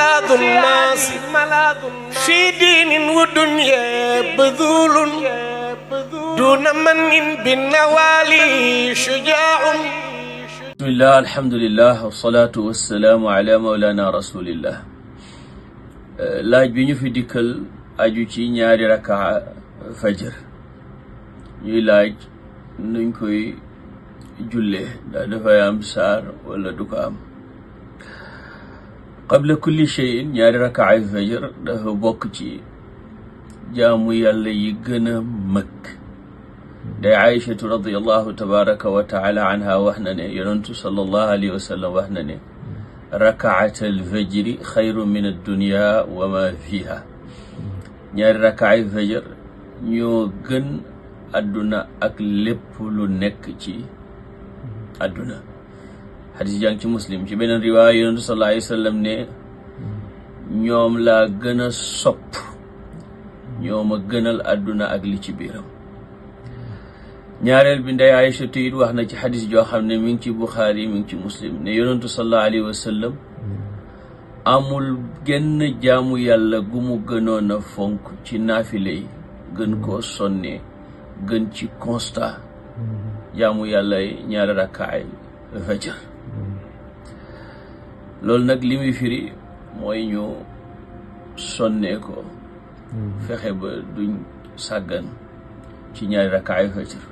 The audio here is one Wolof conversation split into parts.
ملاذ الناس في دين ودنيا بذول دون من بالنوالي شجاع بسم الله الحمد لله والصلاة والسلام على مولانا رسول الله laaj bi ñu fi dikkal aju ci ñaari rakaa fajar ñuy laaj nuñ koy jullee daa dafay am saar wala du ko am qabla kulli shay'in ñaari rakaay fajar dafa bokk ci jaamu yàlla yi gën a mag day aïchatu radiallahu tabaraka wa taala anha wax na ne yonentu sallallahu alayhi wa sallam wax na ne rakaat alfajri xayru min addunia wa ma fiha ñaari rakaay fajar ñoo gën adduna ak lépp lu nekk ci adduna xadis jàng ci muslim ci beneen riwaay yonentu sallallahu alayhi wa ne ñoom laa gën a sopp ñoo gënal àdduna ak li ci biiram ñaareel bi ndey Aïcha it wax na ci xadis joo xam ne mi ngi ci Buxaari mi ngi ci muslim ne yonentu sallallahu alayhi wa amul genn jaamu yàlla gu mu gënoon a fonk ci naafile yi gën koo sonne gën ci constat jaamu yàlla yi ñaari rakkaay fajar loolu nag li firi mooy ñu sonnee ko hmm. fexe ba duñ sàggan ci ñaari rakkaay fajr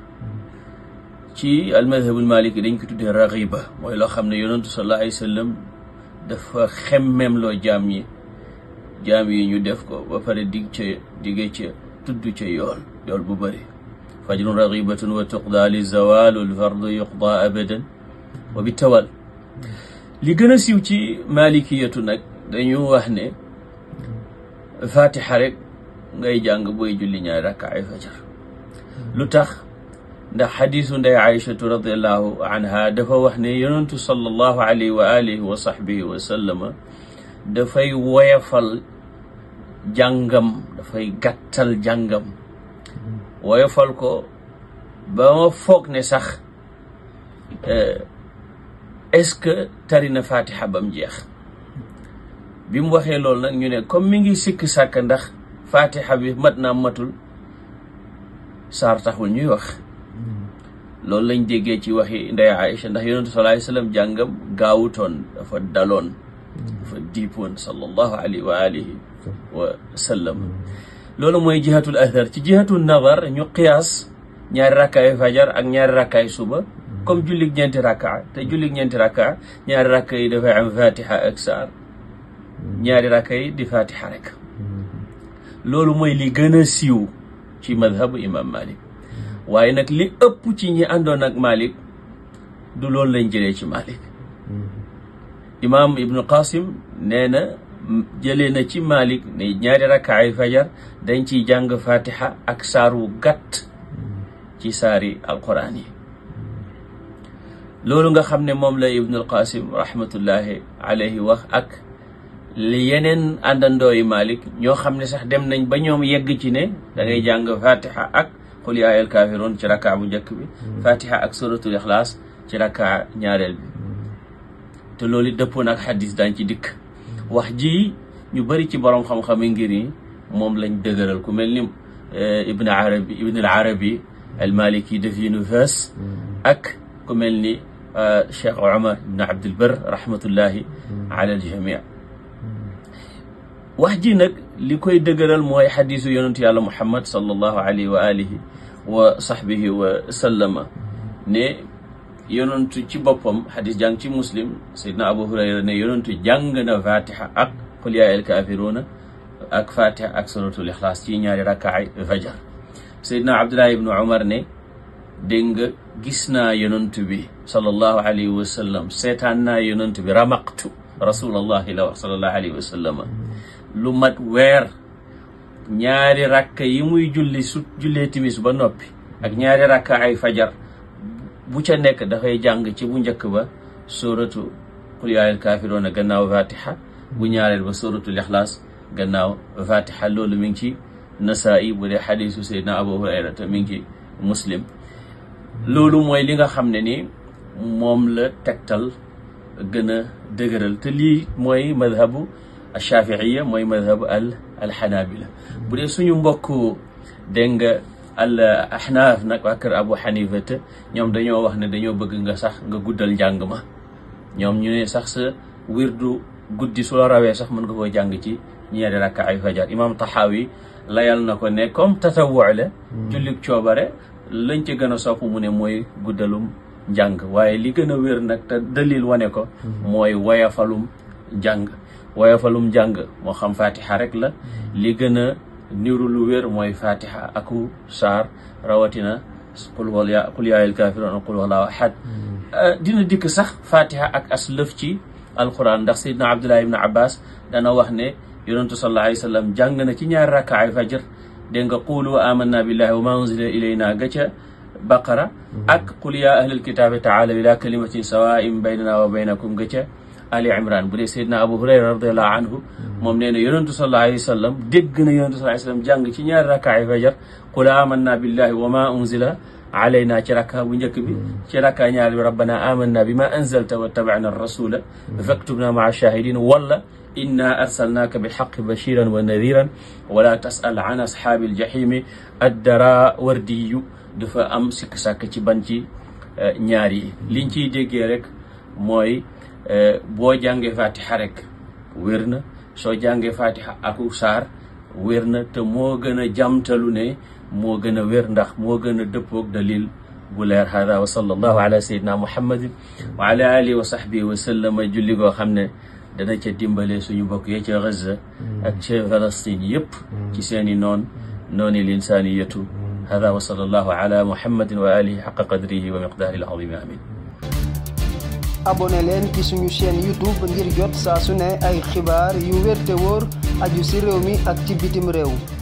ci almadhabul maliki dañ ko tuddee raxiba mooy loo xam ne yonentu sallallahu alayhi wa sallam dafa xemmem loo jaam yi jaam yi ñu def ko ba pare dig ca dige ca tudd ca yool yool bu bëri fajrun raxibatun wa tuqdaa li zawalul fardu yuqdaa abadan wa bi tawal li gën a siiw ci malikiyatu nag dañu wax ne fatiha rek ngay jàng booy julli ñaari rakka ay fajar lu tax ndax xadisu nday aïchatu radiallahu anha wax ne yonentu sallallahu alayhi wa alihi wa sahbihi wa sallama dafay woyafal jàngam dafay gàttal jàngam woyafal ko ba ma foog ne sax eh, est-ce que tari na fatiha bam jeex bi mu waxee loolu nag ñu ne comme mi ngi sikk sàkk ndax fatiha bi mat naa matul saar taxul ñuy wax loolu lañ déggee ci waxi ndey ndax yonentu sallallahu alayhi wa sallam jàngam gaawutoon dafa daloon dafa alihi wa sallam loolu mooy jihatul athar ci jihatul nazar ñu qiyaas ñaari rakkaayu fajar ak ñaari ràkkaayu suba comme jullig ñeenti rakka te jullig ñeenti rakka ñaari rakka yi dafay am fatiha ak saar mooy li gën a siiw ci madhabu waaye nag li ëpp ci ñi àndoon ak malik du loolu lañ jëlee ci malik imam ibnu qasim nee na jëlee na ci malik ne ñaari rakka dañ ciy jàng fatiha ak saar wu gàtt ci saari alquran yi loolu nga xam ne moom lay ibnul qasim rahmatullahi alayhi wax ak li yeneen àndandoo yi malik ñoo xam ne sax dem nañ ba ñoom yegg ci ne dangay ngay jàng fatiha ak qul yaa ayyuhal ci rakka bu njëkk bi hmm. fatiha ak suratul ixlaas ci rakka ñaareel bi hmm. te loolu dëppoon ak xadis daañ ci dikk hmm. wax ji ñu bari ci borom xam-xam yi ngir yi moom lañ dëgëral ku mel ni eh, ibn arabi ibn al arabi al def yu ak ku mel ni Cheikh Omar ibn Abdul Barr rahmatullahi ala aljamia wax ji nag li koy dëgëral mooy xadiisu yonentu yàlla Muhammad sallallahu alayhi wa alihi wa sahbihi wa sallama ne yonentu ci boppam xadis jàng ci muslim saydna Abu Hurayra ne yonentu jàng na fatiha ak qul yaa el kaafiruuna ak fatiha ak suratul ixlaas ci ñaari rakaay fajar saydna Abdullah ibnu Omar ne dégg nga gis naa yonent bi sallallahu alayhi wa sallam seetaan naa yonent bi ramaqtu rasulallahi la wax sallallahu alayhi wa sallam lu mat weer ñaari rakka yi muy julli su jullee timis ba noppi ak ñaari rakka ay fajar bu ca nekk dafay jàng ci bu njëkk ba suratu qul yaa ayyuhal kaafiruuna gannaaw fatiha bu ñaareel ba suratul ixlaas gannaaw fatiha loolu mi ngi ci nasaa'i bu dee xadisu seydna abu hurayrata mi ngi ci muslim loolu mooy li nga xam ne ni moom la tegtal gën a dëgëral te lii mooy madhabu alchafiiya mooy madhabu al alxanabila bu dee suñu mbokk dégg nga al ahnaaf nag waa kër abu xanifata ñoom dañoo wax ne dañoo bëgg nga sax nga guddal njàng ma ñoom ñu ne sax sa wirdu guddi su la rawee sax mën nga koo jàng ci ñeeri rakka ay fajar imam taxaawi layal na ko ne comme tatawwu la hmm. jullik coobare lañ ci gën a sopp mu ne mooy guddalum njàng waaye li gën a wér nag te dalil wane ko mhm. mooy woyafalum njàng woyafalum njàng moo xam fatiha rek la mhm. li gën a niru lu wér mooy fatiha aku saar rawatina qul wal ya qul yaayil kaafiroon ak qul mhm. euh, dina dikk sax fatiha ak aslëf ci alquran ndax saydna abdullah ibn abbas dana wax ne yonentu sallallahu alayhi wa jàng na ci ñaari rakkaay fajar dégg nga qulu amanna billahi wa ma unzila ilayna ga ca baqara mhm. ak qul ya ahlal kitaabi taala ila kalimatin sawain baynana wa baynakum ga ca ali imran bu dee seydna abu hurayra radiallahu anhu mhm. moom nee na yonentu sallallahu alayhi wa sallam dégg na yonentu sallallahu alayhi wa sallam jàng ci ñaari rakaay fajar qul amanna billahi wa ma unzila alayna ci rakka bu njëkk bi ci rakka ñaar bi rabbana amanna bi ma anzalta wa tabana rasula faktubna maa shahidin wala inna arsalnaka bilxaqi bashiran wa nadiran wala tasal an ashaabi aljahimi addara wardiyu dafa am sikk sàkk ci ban ci ñaar yi liñ ciy déggee rek mooy boo jàngee fatiha rek wér na soo jàngee fatiha aku saar wér na te moo gën a jàmtalu ne moo gën a wér ndax moo gën a dëppoog dalil bu leer hada wa sallallahu ala sayyidina muhammadin wa ala alihi wa sahbihi wa sallama julli goo xam ne dana ca dimbale suñu bokk ya ca Gaza ak ca Palestine yëpp ci seeni noon nooni linsaaniyatu hada wa sallallahu ala muhammadin wa alihi xaqa qadrihi wa miqdaarihi al-azim amin abonné leen ci suñu chaîne youtube ngir jot saa su ne ay xibaar yu wér te wóor aju si réew mi ak ci bitim réew